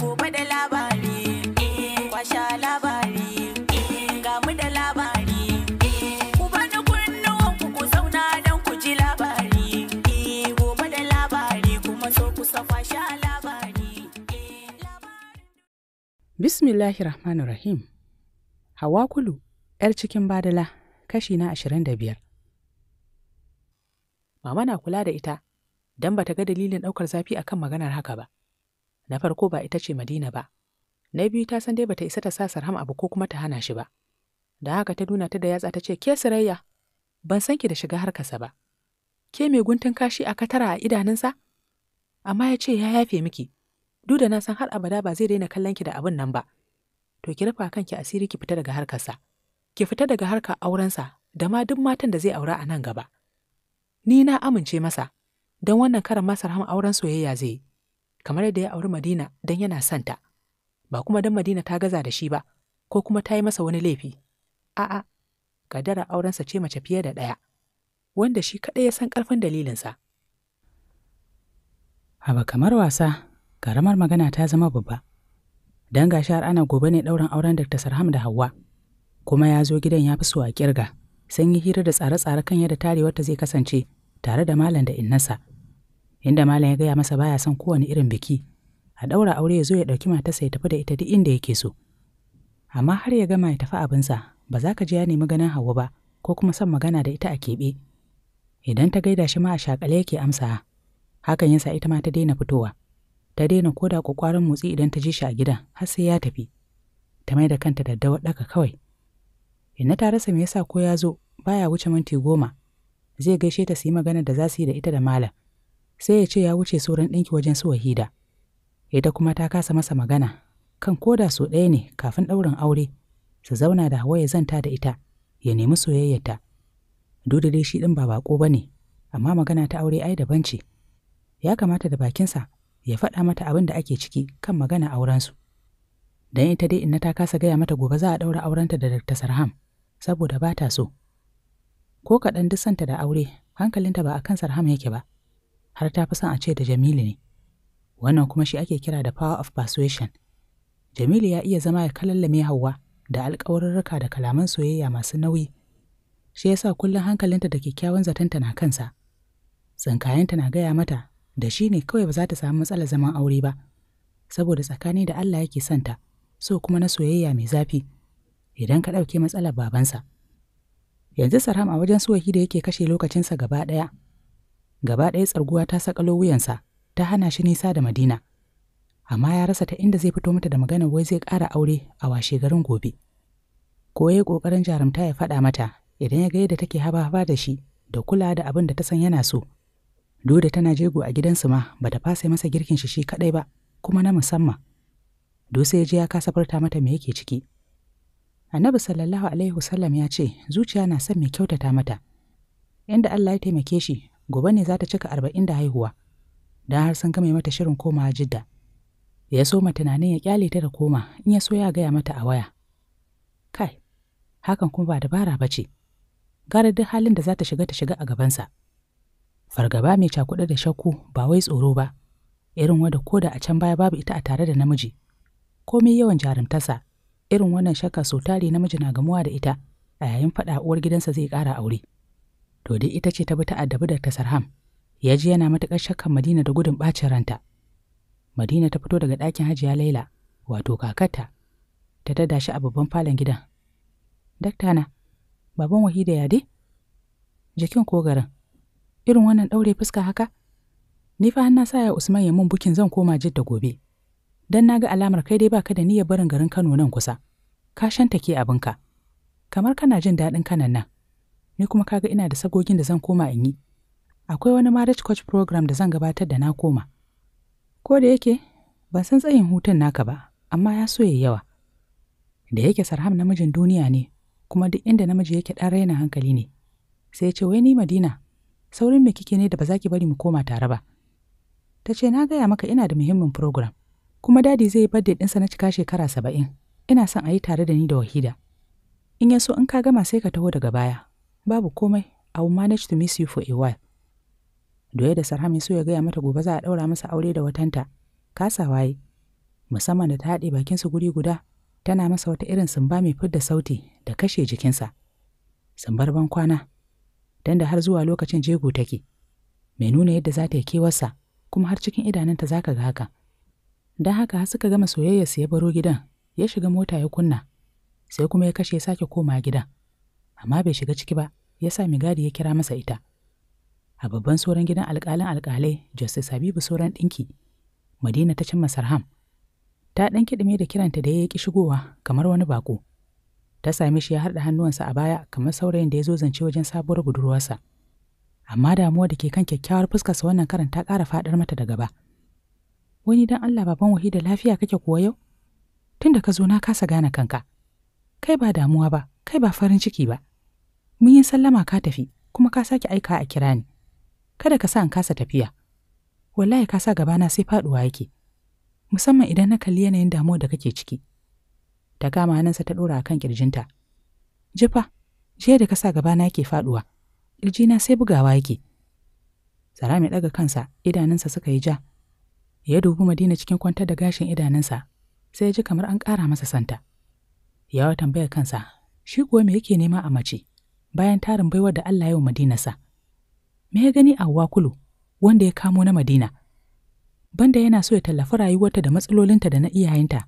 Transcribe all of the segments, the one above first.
gobe da labari eh, kwasha labari eh, ga mu da labari eh, ku bani kunnuwan ku ku zauna don ku ji labari gobe da labari kuma so ku kwasha labari bismillahir rahmanir rahim hawa kulu yar cikin badala kashi na ashirin da biyar mama na kula da ita don ba ta ga dalilin ɗaukar zafi akan maganar haka ba Na farko ba ita ce Madina ba. Na biyu ta san dai bata isa ta sa Sarham abu ko kuma ta hana shi ba. Da haka ta nuna ta da yatsa ta ce, "Ke Sirayya, ban san ki da shiga harkarsa ba." Ke mai guntun kashi a katara a idanunsa? Amma ya ce ya yafe miki. Duk da na san har abada ba zai daina kallon ki da abin nan ba. To ki rufa kanki asiri ki fita daga harkarsa. Ki fita daga harkar aurensa da ma duk matan da zai aura a nan gaba. Ni na amince masa, don wannan karan masar ham auren soyayya zai yi. kamar yadda ya auri Madina don yana santa ba kuma don Madina ta gaza da shi ba, ko kuma ta yi masa wani laifi. A'a, ƙadara aurensa ce mace fiye da ɗaya, wanda shi kaɗai ya san ƙarfin dalilinsa. Haba kamar wasa, karamar magana ta zama babba. Dan ga shahar ana gobe ne ɗaurin auren Dr. Sarham da Hauwa, kuma ya zo gidan ya fi so a ƙirga, sun yi hira da tsare-tsare kan yadda tarewarta zai kasance tare da malam da innasa. inda malam ya gaya masa baya son kowane irin biki a ɗaura aure ya zo ya ɗauki matarsa ya tafi da ita duk inda yake so amma har ya gama ya tafi abinsa ba za ka ji ya nemi ganin Hauwa ba ko kuma son magana da ita a keɓe idan ta gaida shi ma a shakale yake amsa hakan ya sa ita ma ta daina fitowa ta daina koda kwakwaran motsi idan ta ji shi a gidan har sai ya tafi ta mai da kanta da ɗaka kawai inna ta rasa me yasa ko ya zo baya wuce minti goma zai gaishe ta su yi magana da za su yi da ita da malam sai ya ce ya wuce sauran ɗinki wajen su wahida ita kuma ta kasa masa magana kan koda so ɗaya ne kafin ɗaurin aure su zauna da hawa ya zanta da ita ya nemi soyayyarta duk dai shi ɗin ba baƙo ba ne amma magana ta aure ai daban ce ya kamata da bakinsa ya faɗa mata abin da ake ciki kan magana aurensu don ita dai inna ta kasa gaya mata gobe za a ɗaura aurenta da Dr. Sarham saboda ba ta so ko kaɗan duk santa da aure hankalinta ba a kan Sarham yake ba har ta fi son a ce da Jamilu ne. Wannan kuma shi ake kira da power of persuasion. Jamilu ya iya zama ya kalallame Hauwa da alƙawarurruka da kalaman soyayya masu nauyi. Shi ya sa kullum hankalinta da kyakkyawan zatonta na kansa. Tsinkayenta na gaya mata da shi ne kawai ba za ta samu matsalar zaman aure ba, saboda tsakani da Allah yake santa, so kuma na soyayya mai zafi, idan ka ɗauke matsalar babansa. Yanzu Sarham a wajen suwaki da yake kashe lokacinsa gaba ɗaya, gaba ɗaya tsarguwa ta sakalo wuyansa ta hana shi nisa da madina amma ya rasa ta inda zai fito mata da magana wai zai ƙara aure a washe garin gobe ko ya ƙoƙarin jarumta ya faɗa mata idan ya ga yadda take haba haba da shi da kula da abin da ta san yana so Doda tana jego a gidansu ma bata fasa masa girkin shi shi kaɗai ba kuma na musamman Dosa ya ji ya kasa farta mata me yake ciki Annabi sallallahu alaihi wasallam ya ce zuciya na son mai kyautata mata inda Allah ya taimake shi gobe ne za ta cika arba'in da haihuwa don har sun gama mata shirin komawa jidda ya so soma tunanin ya kyale ta da koma in ya so ya gaya mata a waya kai hakan kuma ba dabara ba ce gara duk halin da za ta shiga ta shiga a gabansa fargaba mai cakuɗa da shakku ba wai tsoro ba irin wanda ko da a can baya babu ita a tare da namiji komai yawan jarumtarsa irin wannan shakka sau tare namiji na gamuwa da ita a yayin faɗa uwar gidansa zai ƙara aure to dai ita ce ta bi ta addabi Dr. Sarham, ya ji yana matuƙar shakkan Madina da gudun ɓacin ranta. Madina ta fito daga ɗakin Hajiya Laila, wato kakarta, ta tada shi a babban falon gidan. Dakta na, baban Wahida ya dai? Jikin ko garin, irin wannan ɗaure fuska haka? Ni fa na sa ya Usman ya mun bukin zan koma jidda gobe. Dan na ga alamar kai dai baka da niyyar barin garin Kano nan kusa. Ka shanta ke abinka. Kamar kana jin daɗin kanan nan. ni kuma kaga ina da sagogin da zan koma in yi akwai wani marriage coach program da zan gabatar da na koma ko da yake ban san tsayin hutun naka ba amma ya so yayi yawa da yake sarham namijin duniya ne kuma duk inda namiji yake dan raina hankali ne sai ya ce wai ni madina saurin me kike ne da ba za ki bari mu koma tare ba ta ce na gaya maka ina da muhimmin program kuma dadi zai yi birthday sa na cika shekara saba'in ina son a yi tare da ni da wahida in ya so in ka gama sai ka taho daga baya babu komai I will manage to miss you for a while. Doye da Sarham so ya gaya mata gobe za a ɗaura masa aure da watanta, kasa waye, musamman da ta haɗe bakinsu guri guda, tana masa wata irin sumba mai fidda sauti da kashe jikinsa. Sumbar ban kwana, don da har zuwa lokacin jego take, mai nuna yadda za ta yi kewarsa, kuma har cikin idanunta za ka ga haka. Don haka har suka gama soyayyarsu ya baro gidan, ya shiga mota ya kunna, sai kuma ya kashe sake koma gidan. amma bai shiga ciki ba, ya sa migadi ya kira masa ita. A babban sauran gidan alƙalin alƙalai, Justice Habibu sauran ɗinki, Madina ta cimma Sarham. Ta ɗan kiɗime da kiranta da ya ki shigowa kamar wani baƙo. Ta sami shi ya harɗa hannuwansa a baya kamar saurayin da ya zo zance wajen sabuwar budurwarsa. Amma damuwa da ke kan kyakkyawar fuskarsa wannan karanta ta ƙara faɗar mata da gaba. Wani dan Allah baban da lafiya kake kuwa yau? Tunda ka zo na kasa gane kanka. Kai ba damuwa ba, kai ba farin ciki ba. Mun yi sallama ka tafi, kuma ka sake aika a kira ni. Kada ka sa an kasa tafiya. Wallahi ka sa gabana sai faɗuwa yake. Musamman idan na kalli yanayin damuwa da kake ciki. Ta kama hannunsa ta ɗora a kan ƙirjinta. Jifa, jiya da ka sa gabana yake faɗuwa. na sai bugawa yake. Sara mai ɗaga kansa, idanunsa suka yi ja. Ya dubi Madina cikin kwantar da gashin idanunsa, sai ya ji kamar an ƙara masa santa. Yawa tambaya kansa, shi kuwa me yake nema a mace? bayan tarin baiwar da Allah ya wa Madina Me ya gani a Wakulu wanda ya kamo na Madina? Banda yana so ya tallafi rayuwarta da matsalolinta da na iyayenta,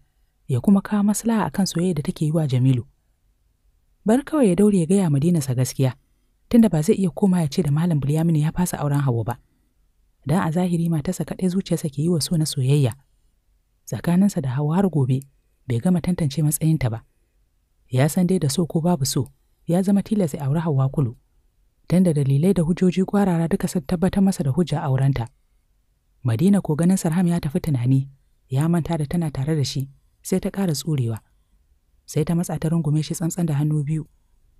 ya kuma kawo maslaha akan soyayya da take yi wa Jamilu. Bar kawai ya daure ya gaya Madina sa gaskiya, tunda ba zai iya koma ya ce da Malam Bilyaminu ya fasa auren Hawa ba. Dan a zahiri matarsa kaɗai zuciyarsa ke yi wa so na soyayya. Tsakaninsa da Hawa har gobe bai gama tantance matsayinta ba. Ya san dai da so ko babu so, ya zama tilas ya auri Hauwa Kulu, don da dalilai da hujjoji kwarara duka sun tabbatar masa da hujja aurenta. Madina ko ganin Sarham ya tafi tunani, ya manta da tana tare da shi, sai ta ƙara tsurewa. Sai ta matsa ta rungume shi tsantsan da hannu biyu.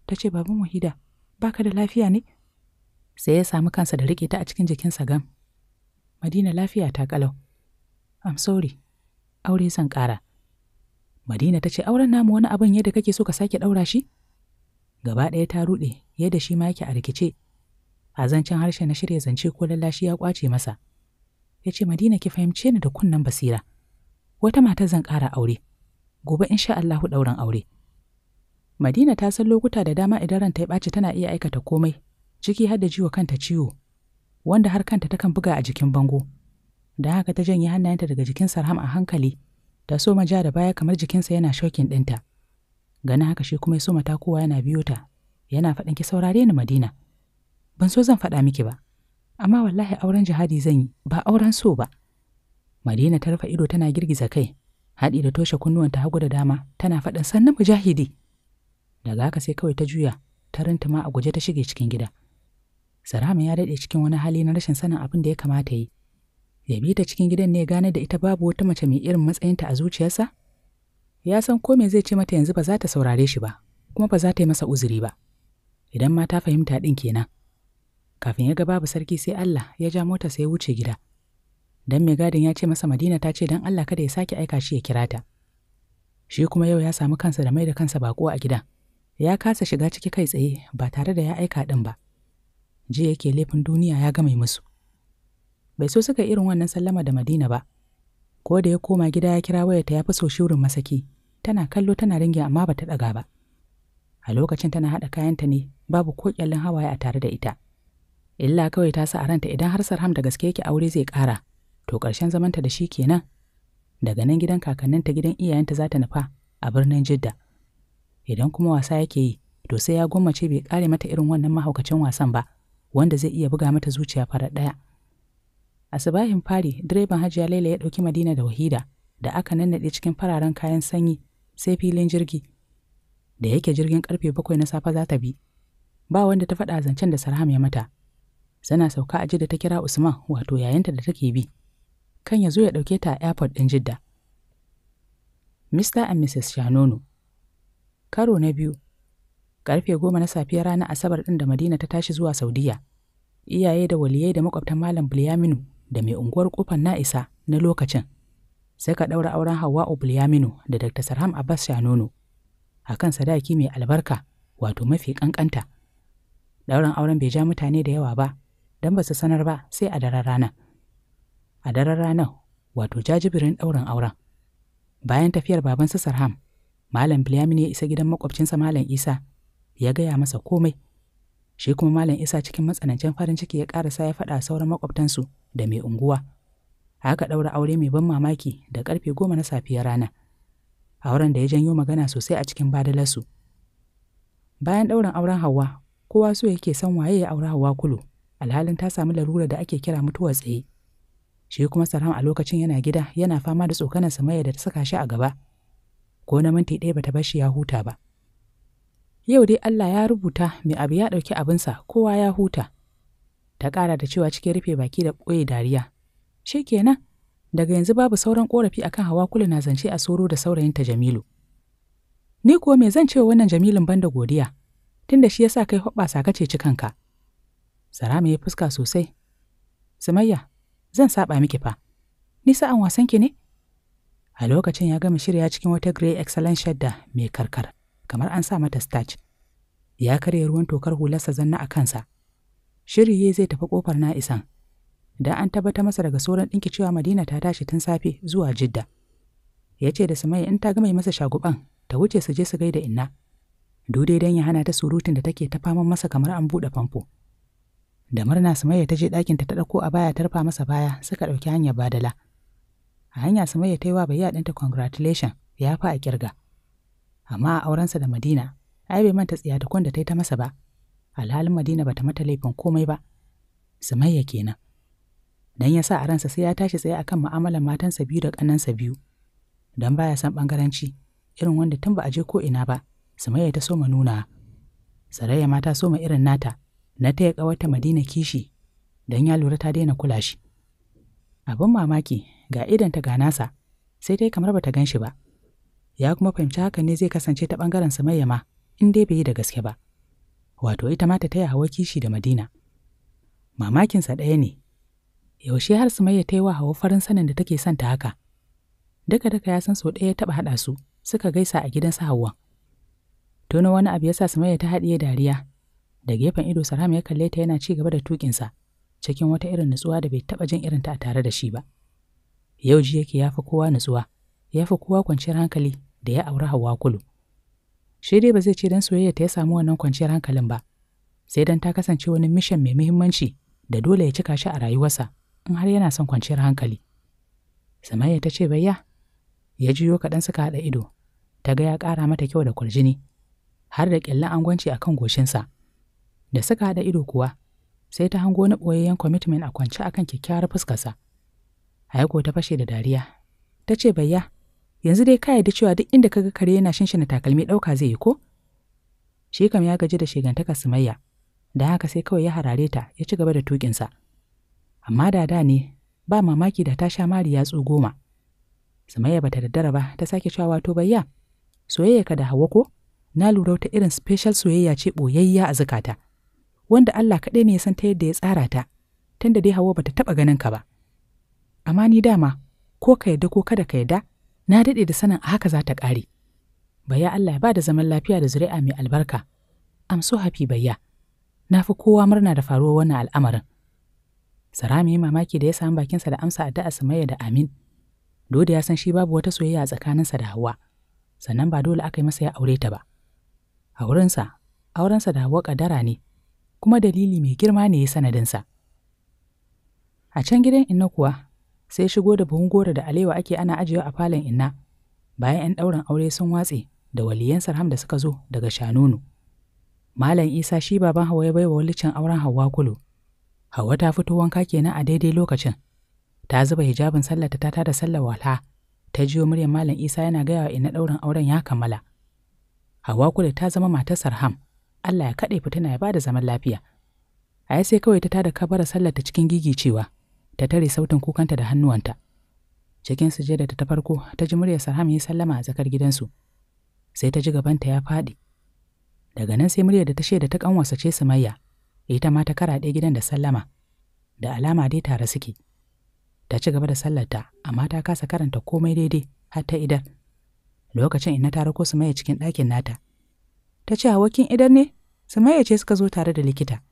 Ta ce, Muhida, baka da lafiya ne? Sai ya samu kansa da riƙe ta a cikin jikinsa gam. Madina lafiya ta ƙalau. I'm sorry, aure zan ƙara. Madina ta ce, Auren namu wani abin yadda kake so ka sake ɗaura shi? gaba ɗaya ta ruɗe yadda shi ma yake a rikice a zancen harshe na shirya zance ko lallashi ya kwace masa ya ce madina ki fahimce ni da kunnen basira wata mata zan ƙara aure gobe sha Allahu ɗauran aure madina ta san lokuta da dama idan ranta ya ɓaci tana iya aikata komai ciki har da jiwa kanta ciwo wanda har kanta takan buga a jikin bango da haka ta janye hannayenta daga jikin sarham a hankali ta so ja da baya kamar jikinsa yana shokin ɗinta. gani haka shi kuma ya so mata kowa yana biyo ta, yana faɗin ki saurare ni Madina. Ban so zan faɗa miki ba, amma wallahi auren jihadi zan yi, ba auren so ba. Madina ta rufe ido tana girgiza kai, haɗi da toshe kunnuwan kunnuwanta hagu da dama, tana faɗin sannan mujahidi. Daga haka sai kawai ta juya, ta rintuma a guje ta shige cikin gida. Sarama ya daɗe cikin wani hali na rashin sanin abin da ya kamata yi. Ya bi ta cikin gidan ne gane da ita babu wata mace mai irin matsayinta a zuciyarsa? ya san ko me zai ce mata yanzu ba za ta saurare shi ba kuma ba za ta yi masa uzuri ba idan ma ta fahimta ɗin kenan kafin ya ga babu sarki sai Allah ya ja mota sai ya wuce gida dan mai gadin ya ce masa Madina ta ce dan Allah kada ya sake aika shi ya kira ta shi kuma yau ya samu kansa da mai da kansa bako a gida ya kasa shiga ciki kai tsaye ba tare da ya aika ɗin ba ji yake laifin duniya ya gama musu bai so suka irin wannan sallama da Madina ba ko da ya koma gida ya kira wayarta ya fi so shirin masaki tana kallo tana ringe amma ba ta ɗaga ba a lokacin tana haɗa kayanta ne babu ko ƙyallin hawaye a tare da ita illa kawai ta sa a ranta idan har sarham da gaske yake aure zai ƙara to ƙarshen zamanta da shi kenan daga nan gidan kakanninta gidan iyayenta za ta nufa a birnin jidda idan kuma wasa yake yi to sai ya gwammace bai ƙare mata irin wannan mahaukacin wasan ba wanda zai iya buga mata zuciya farar ɗaya. Asibahin fari, direban Hajiya Laila ya ɗauki Madina da Wahida, da aka nannaɗe cikin fararen kayan sanyi, sai filin jirgi. Da yake jirgin karfe bakwai na safe za ta bi. Ba wanda ta faɗa zancen da Sarham ya mata. Sana sauka a da ta kira Usman, wato yayanta da take bi. Kan ya zo ya ɗauke ta a airport ɗin Jidda. Mr. and Mrs. Shanono. Karo na biyu, karfe goma na safiya ranar Asabar ɗin da Madina ta tashi zuwa Saudiya. Iyaye da waliyai da makwabtan Malam bulyaminu da mai unguwar kofar na'isa na lokacin sai ka daura auren Hauwa obliyaminu da Dr. Sarham Abbas Shanono a kan sadaki mai albarka wato mafi kankanta. Dauren auren bai ja mutane da yawa ba, don ba su sanar ba sai a daren rana. A daren rana, wato jajibirin ɗaurin auren. Bayan tafiyar baban su Sarham, Malam Bilyaminu ya isa gidan makwabcinsa Malam Isa ya gaya masa komai. Shi kuma Malam Isa cikin matsanancin farin ciki ya ƙarasa ya faɗa sauran makwabtansu da mai unguwa. Haka ɗaura aure mai ban mamaki da ƙarfe goma na safiyar rana. Auren da ya janyo magana sosai a cikin badalarsu. Bayan ɗaurin auren Hauwa, kowa so yake son waye ya aura Hauwa Kulu, alhalin ta samu larura da ake kira mutuwar tsaye. Shi kuma Sarham a lokacin yana gida yana fama da tsokanar Sumayya da ta saka shi a gaba. Ko na minti ɗaya bata bar shi ya huta ba. Yau dai Allah ya rubuta mai abu ya ɗauki abinsa kowa ya huta. Ta ƙara da cewa cikin rufe baki da ɓoye dariya. Shi kenan, daga yanzu babu sauran ƙorafi a kan hawa kula na zance a soro da saurayinta Jamilu. Ni kuwa me zan cewa wannan Jamilun banda godiya, tunda shi ya sa kai hoɓɓasa kace ci kanka. Sarama ya fuska sosai. Sumayya, zan saɓa miki fa. Ni sa'an wasanki ne? A lokacin ya gama shirya cikin wata Grey Excellence shadda mai karkar. kamar an sa mata starch. Ya karya ruwan tokar hularsa zanna a kansa. Shiri ya zai tafi kofar na isan. Da an tabbata masa daga sauran ɗinki cewa Madina ta tashi tun safe zuwa Jidda. Ya ce da Sumayya in ta gama masa shaguban ta wuce su je su gaida inna. Dudai dan ya hana ta surutun da take ta faman masa kamar an buɗe famfo. Da murna Sumayya ta je ɗakinta ta ɗauko a baya tarfa masa baya suka ɗauki hanyar badala. A hanya Sumayya ta yi wa bayya ɗinta congratulation ya fa a kirga. amma a aurensa da Madina, ai bai manta tsiya da ta yi ta masa ba, alhalin Madina bata mata laifin komai ba, Sumayya kenan. Dan ya sa a ransa sai ya tashi tsaye akan mu'amalar matansa biyu da ƙannansa biyu, don baya san ɓangaranci, irin wanda tun ba a je ko ina ba, Sumayya ta soma nuna. Sarayya ma ta soma irin nata, na taya ƙawarta Madina kishi, don ya lura ta daina kula shi. Abin mamaki ga idanta ga nasa, sai dai kamar bata gan shi ba. ya kuma fahimci haka ne zai kasance ta ɓangaren Sumayya ma, in dai bai yi da gaske ba. Wato ita ma ta taya hawa kishi da Madina. Mamakinsa ɗaya ne, yaushe har Sumayya ta yi wa hawa farin sanin da take son ta haka. Daka daka ya san sau ɗaya ya taɓa haɗa su, suka gaisa a gidan su Hawwa. na wani abu ya sa Sumayya ta haɗiye dariya, da gefen ido Saram ya kalle ta yana cigaba gaba da tuƙinsa, cikin wata irin nutsuwa da bai taɓa jin irinta a tare da shi ba. Yau ji yake ya fi kowa nutsuwa, ya fi kowa kwanciyar hankali da ya auri Hauwa Kulu. Shi dai ba zai ce don soyayya ta ya samu wannan kwanciyar hankalin ba, sai don ta kasance wani mishan mai muhimmanci da dole ya cika shi a rayuwarsa in har yana son kwanciyar hankali. Samayya ta ce bayya, ya jiyo kaɗan suka haɗa ido, ta ga ya ƙara mata kyau da kwaljini, har da ƙyallen angwanci a kan goshinsa. Da suka haɗa ido kuwa, sai ta hango na ɓoyayyen commitment a kwance akan kyakkyawar fuskarsa. Aiko ta fashe da dariya, ta ce bayya, yanzu dai ka yarda cewa duk inda kaga kare yana shinshina takalmi ɗauka zai yi ko? Shi kam ya gaji da shigantaka sumayya, da haka sai kawai ya harare ta ya ci gaba da tuƙinsa. Amma da da ne, ba mamaki da ta sha mari yatsu goma. Sumayya bata daddara ba ta sake cewa wato bayya, soyayya ka da hawa ko? Na lura wata irin special soyayya ce ɓoyayya a zukata, wanda Allah kaɗai ne ya san ta yadda ya tsara ta, tunda dai hawa bata taɓa ganin ka ba. Amma ni dama, ko ka yadda ko kada ka yadda, na daɗe da sanin haka za ta ƙare. Baya Allah ya ba da zaman lafiya da zuri'a mai albarka. Am so happy bayya. Na fi kowa murna da faruwar wannan al'amarin. Sara mai mamaki da ya samu bakinsa da amsa addu'a Sumayya da Amin. Doda ya san shi babu wata soyayya a tsakaninsa da Hauwa. Sannan ba dole aka yi masa ya aure ta ba. A wurinsa, aurensa da Hauwa kadara ne, kuma dalili mai girma ne ya sanadinsa. A can gidan Inna kuwa, sai shigo da buhun goro da alewa ake ana ajiyewa a falon inna bayan 'yan ɗaurin aure sun watse da waliyan sarham da suka zo daga shanunu malam isa shi baban hawa ya bai wa walicin auren hawa kulu hawa ta fito wanka kenan a daidai lokacin ta zuba hijabin sallar ta ta da sallar walha. ta jiyo muryar malam isa yana gaya wa ina ɗaurin auren ya kammala hawa kulu ta zama matar sarham allah ya kaɗe fitina ya bada zaman lafiya a sai kawai ta tada kabara sallar ta cikin gigicewa ta tare sautin kukanta da hannuwanta. Cikin da ta farko ta ji muryar Sarham yi sallama a tsakar gidansu. Sai ta ji gabanta ya faɗi. Daga nan sai muryar da ta shaida ta kanwasa ce Sumayya, ita ma ta karaɗe gidan da sallama. Da alama dai tare suke. Ta ci gaba da sallarta, amma ta kasa karanta komai daidai har ta idar. Lokacin ina ta rako Sumayya cikin ɗakin nata. Ta ce hawakin idar ne? Sumayya ce suka zo tare da likita.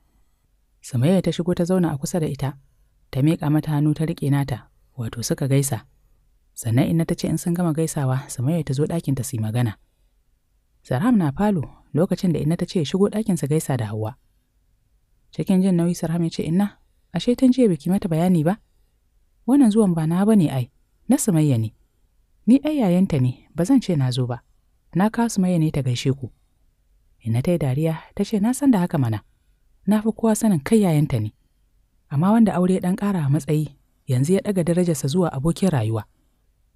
Sumayya ta shigo ta zauna a kusa da ita, ta miƙa mata hannu ta riƙe nata wato suka gaisa sannan inna ta ce in sun gama gaisawa maye ta zo ɗakin ta su magana saram na falo lokacin da inna ta ce shigo ɗakin sa gaisa da Hauwa. cikin jin nauyi saram ya ce inna ashe tun jiya biki mata bayani ba wannan zuwan ba na ne ai na sumayya ne ni ai yayanta ne ba zan ce na zo ba na kawo sumayya ne ta gaishe ku inna ta yi dariya ta ce na san da haka mana na fi kowa sanin kai yayanta ne amma wanda aure ya ɗan ƙara matsayi yanzu ya ɗaga darajarsa zuwa abokin rayuwa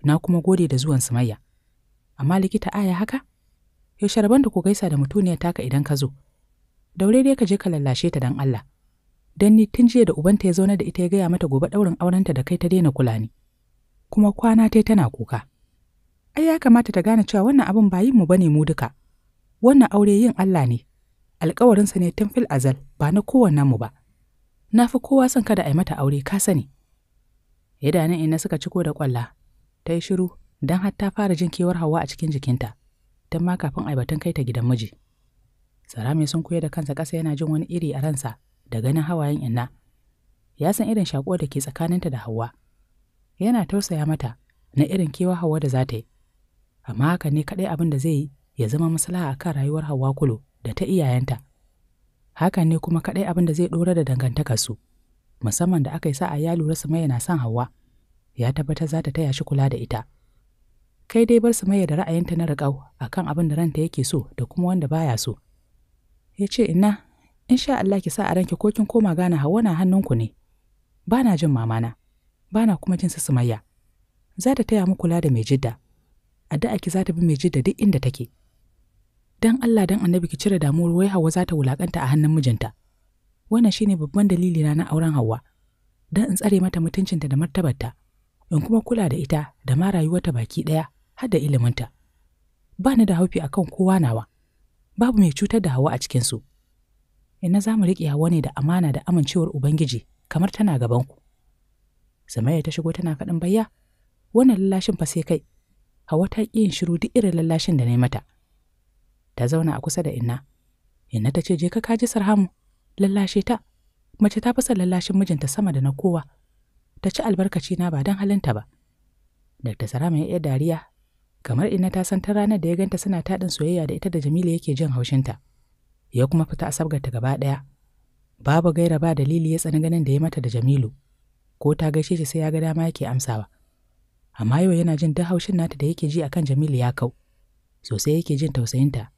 na kuma gode da zuwan sumayya amma likita aya haka yaushe rabon da ku gaisa da mutuniyar taka idan ka zo daure dai ka je ka lallashe ta dan Allah dan ni tun jiya da ubanta ya zauna da ita ya gaya mata gobe ɗaurin aurenta da kai ta daina kula ni kuma kwana tai tana kuka ai ya kamata ta gane cewa wannan abun ba yin mu bane mu duka wannan aure yin Allah ne alƙawarinsa ne tun fil azal ba na kowannen mu ba Na fi kowa son kada a yi mata aure ka sani. Idanun ina suka ciko da ƙwalla, ta yi shiru don har ta fara jin kewar hawa a cikin jikinta, don ma kafin a batun kai ta gidan miji. Sarami sun kuya da kansa ƙasa yana jin wani iri a ransa da ganin hawayen inna. Ya san irin shakuwar da ke tsakaninta da Hauwa. Yana tausaya mata na irin kewa hawa da za ta yi. Amma haka ne kaɗai abin da zai yi ya zama maslaha a kan rayuwar hawa Kulu da ta iyayenta. hakan ne kuma kaɗai abin da zai ɗora da dangantaka su musamman da aka yi sa a ya lura su na son Hauwa ya tabbatar za ta taya shi kula da ita kai dai bar Sumayya da ra'ayinta na riƙau kan abin da ranta yake so da kuma wanda baya so ya ce ina in sha Allah ki sa a ranki ko kin koma gane Hauwa na hannunku ne ba na jin mamana ba na kuma jin su Sumayya za ta taya mu kula da mai jidda a da'a ki za ta bi mai jidda duk inda take dan Allah dan annabi ki cire damuwar wai Hauwa za ta wulakanta a hannun mijinta. Wannan shine babban dalili na na auren Hauwa. Dan in tsare mata mutuncinta da martabarta, in kuma kula da ita da ma rayuwarta baki ɗaya har da iliminta. Ba ni da haufi akan kowa nawa. Babu mai cutar da Hauwa a cikin su Ina za mu riƙe Hauwa ne da amana da amincewar Ubangiji kamar tana gaban ku. Samaya ta shigo tana faɗin bayya, wannan lallashin fa sai kai. Hauwa ta ƙi yin shiru duk irin lallashin da na mata. ta zauna a kusa da inna. Inna ta ce je ka kaji sarhamu, lallashe ta. Mace ta fasa lallashin mijinta sama da na kowa. Ta ci albarkaci na ba don halinta ba. Dr. Sarama ya iya dariya, kamar inna ta san ta ranar da ya ganta suna taɗin soyayya da ita da Jamila yake jin haushinta. Ya kuma fita a ta gaba ɗaya. Babu gaira ba dalili ya tsani ganin da ya mata da Jamilu. Ko ta gaishe shi sai ya ga dama yake amsawa. Amma yau yana jin duk haushin nata da yake ji akan Jamilu ya kau. Sosai yake jin tausayinta,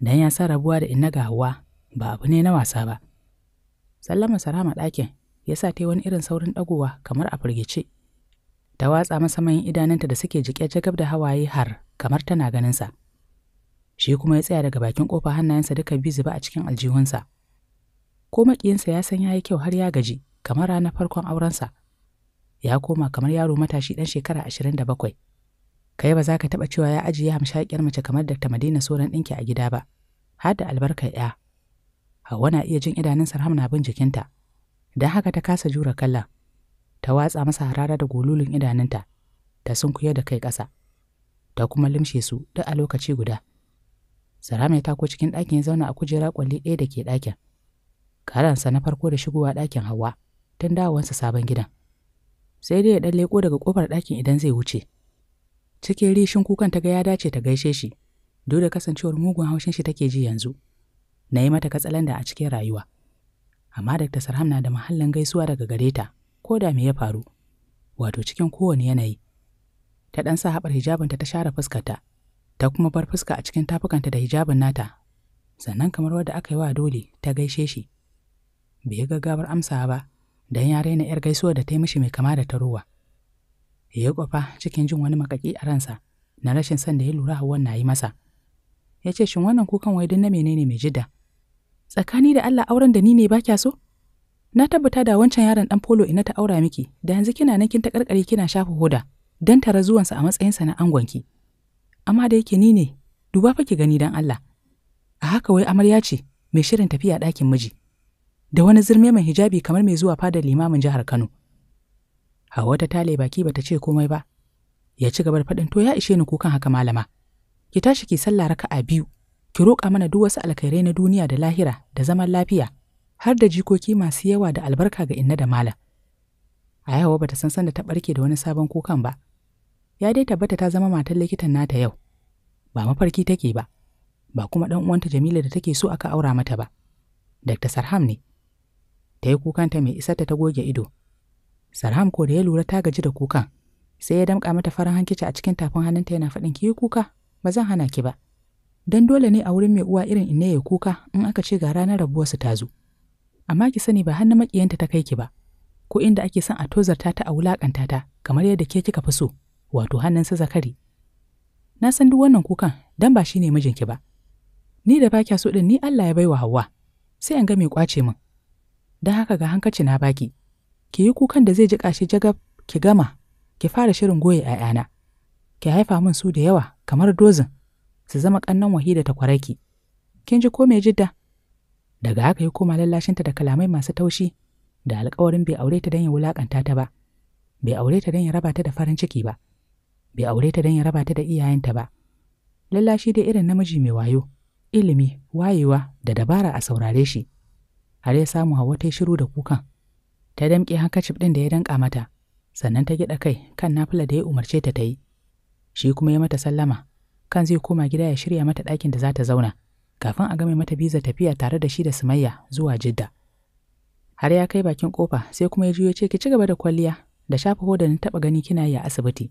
dan ya sa rabuwa da inna ga hawa ba abu ne na wasa ba. Sallama sarama ɗakin ya sa ta wani irin saurin ɗagowa kamar a firgice. Ta watsa masa mayin idanunta da suke jiƙe jagab da hawaye har kamar tana ganinsa. Shi kuma ya tsaya daga bakin ƙofa hannayensa duka biyu zuba a cikin aljihunsa. Ko maƙiyinsa ya san ya yi kyau har ya gaji kamar ranar farkon aurensa. Ya koma kamar yaro matashi ɗan shekara ashirin da bakwai. kai ba za ka taɓa cewa ya ajiye hamshakiyar mace kamar da Madina soran ɗinki a gida ba, har da albarka ya. Hauwa na iya jin idanun Sarham na bin jikinta, don haka ta kasa jura kallon. Ta watsa masa harara da gululun idanunta, ta sunkuye da kai ƙasa, ta kuma limshe su duk a lokaci guda. Sarham ya ko cikin ɗakin ya zauna a kujera ƙwalli ɗaya da ke ɗakin. Karansa na farko da shigowa ɗakin Hauwa tun dawowansa sabon gidan. Sai dai ya ɗan leƙo daga ƙofar ɗakin idan zai wuce. Cike rishin kukan ta ga ya dace ta gaishe shi, duk da kasancewar mugun haushin shi take ji yanzu. Na yi mata katsalanda a cikin rayuwa. Amma Dr. Sarham na da mahallin gaisuwa daga gare ta, ko da me ya faru, wato cikin kowane yanayi. Ta ɗan sa haɓar hijabinta ta share fuskarta, ta kuma bar fuska a cikin tafukanta da hijabin nata. Sannan kamar wadda aka yi wa dole ta gaishe shi. Bai ga gabar amsa ba, dan ya na 'yar gaisuwa da ta yi mishi mai kama da ta ruwa. ya yi kwafa cikin jin wani makaki a ransa na rashin son da ya lura hawan na yi masa ya ce shin wannan kukan wai na menene mai jidda tsakani da Allah auren da ni ne ba kya so na tabbata da wancan yaron dan polo ina ta aura miki da yanzu kina nan kin ta karkare kina shafa hoda dan tara zuwansa a matsayinsa na angonki amma da yake ni ne duba fa ki gani dan Allah a haka wai amarya ce mai shirin tafiya ɗakin miji da wani zirme mai hijabi kamar mai zuwa fadar limamin jihar Kano Hawa ta tale baki bata ce komai ba. Ya ci gaba da faɗin to ya ishe ni kukan haka malama. Ki tashi ki sallah raka'a biyu. Ki roƙa mana duk wasu alkhairai na duniya da lahira da zaman lafiya har da jikoki masu yawa da albarka ga inna da malam. A yawa bata san sanda ta barke da wani sabon kukan ba. Ya dai tabbata ta zama matar likitan nata yau. Ba mafarki take ba. Ba kuma ɗan uwanta Jamila da take so aka aura mata ba. Dr. Sarham ne. Ta yi kukanta mai isarta ta goge ido. Sarham ko da ya lura ta gaji da kukan, sai ya damƙa mata farin hankici a cikin tafin hannunta yana faɗin ki kuka, ba zan hana ki ba. dan dole ne a wurin mai uwa irin inne ya kuka in aka ce ga ranar rabuwarsu ta zo. Amma ki sani ba hannun makiyanta ta kai ki ba, ko inda ake son a tozarta ta a wulaƙanta ta kamar yadda ke kika fi so, wato hannun su zakari. Na san duk wannan kukan dan ba shi ne mijinki ba. Ni da baki so ɗin ni Allah ya baiwa Hauwa, sai an ga mai ƙwace min. Don haka ga hankaci na baki, ki yi kukan da zai jika shi jagab ki gama ki fara shirin goye ‘ya'yana ki haifa min su da yawa kamar dozin su zama ƙannan Wahi da takwararki. kin ji ko me jidda daga haka ya koma lallashinta da kalamai masu taushi da alkawarin bai aure ta don ya wulakanta ta ba bai aure ta don ya raba ta da farin ciki ba bai aure ta don ya raba ta da iyayenta ba lallashi dai irin namiji mai wayo ilimi wayewa da dabara a saurare shi har ya samu hawa ta shiru da kukan ta damƙe hankacif ɗin da ya danƙa mata sannan ta gida kai kan nafila da ya umarce ta ta yi shi kuma ya mata sallama kan zai koma gida ya shirya mata ɗakin da za ta zauna kafin a game mata biza tafiya tare da shi da sumayya zuwa jidda har ya kai bakin kofa sai kuma ya juyo ce ki ci gaba da kwalliya da shafa hoda na taɓa gani kina yi a asibiti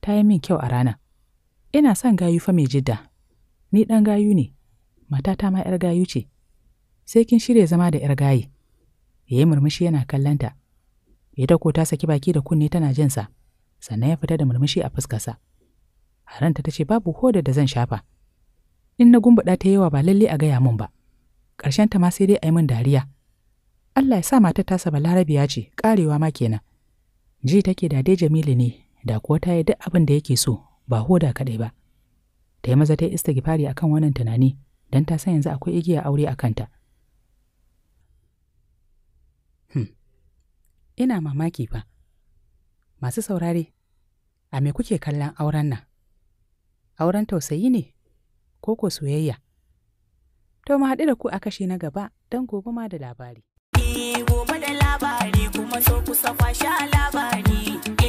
ta yi min kyau a rana ina son gayu fa mai jidda ni ɗan gayu ne matata ma 'yar gayu ce sai kin shirya zama da 'yar gayi ya yi murmushi yana kallanta. Ita ko ta saki baki da kunne tana jinsa, sannan ya fita da murmushi a fuskarsa. Haranta ta ce babu hoda da zan shafa. In na gumbaɗa ta yawa ba lalle a gaya min ba. Karshen ta ma sai dai a yi min dariya. Allah ya sa matar tasa Larabiya ce, karewa ma kenan. Ji take da dai Jamilu ne, da kuwa ta yi duk abin da yake so, ba hoda kaɗai ba. Ta yi maza ta yi istighfari akan wannan tunani, don ta san yanzu akwai igiya aure a kanta. ina mamaki fa. Masu saurare, a me kuke kallon auren nan? Auren tausayi ne, ko ko soyayya? To ma haɗu da ku a kashe na gaba don gobe ma da labari. Eh, gobe da labari kuma so kusa kwashe labari.